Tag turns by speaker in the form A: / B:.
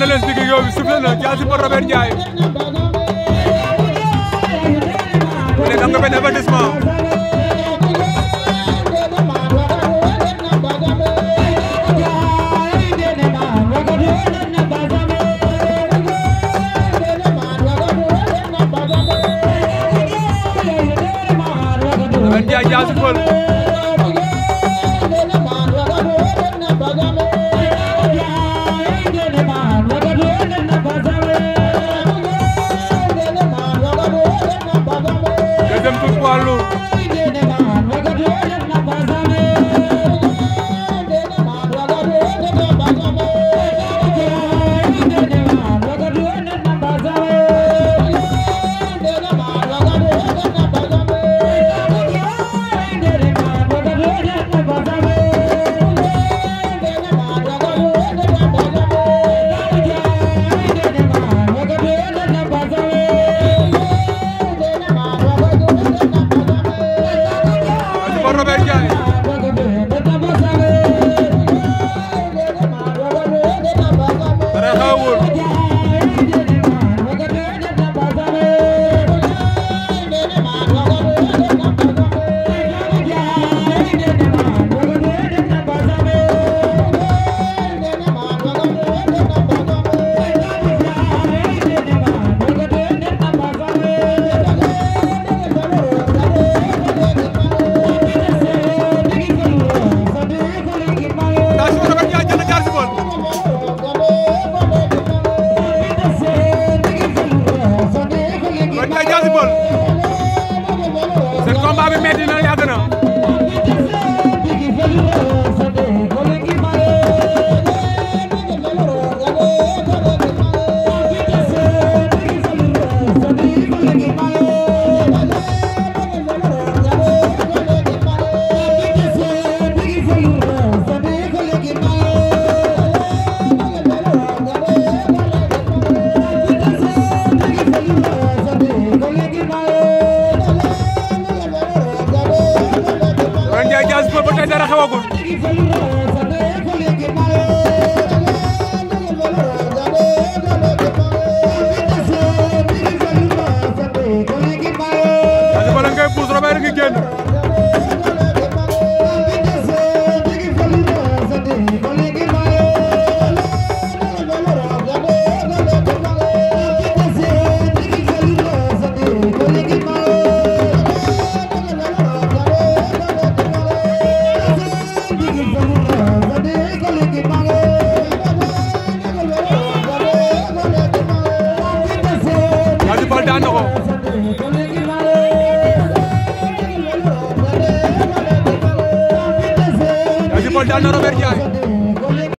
A: नलेस दिखेगी और यूसुफ ना क्या सी पर बैठ जाए बोले गंगा पे नबर डिस्मा
B: Yeah, ay ay
C: seen combat bi metti na
D: ba tey dara xewagul
E: Robert ngi génn
D: daan na ko Yathie Peulh daan na Robert Ndiaye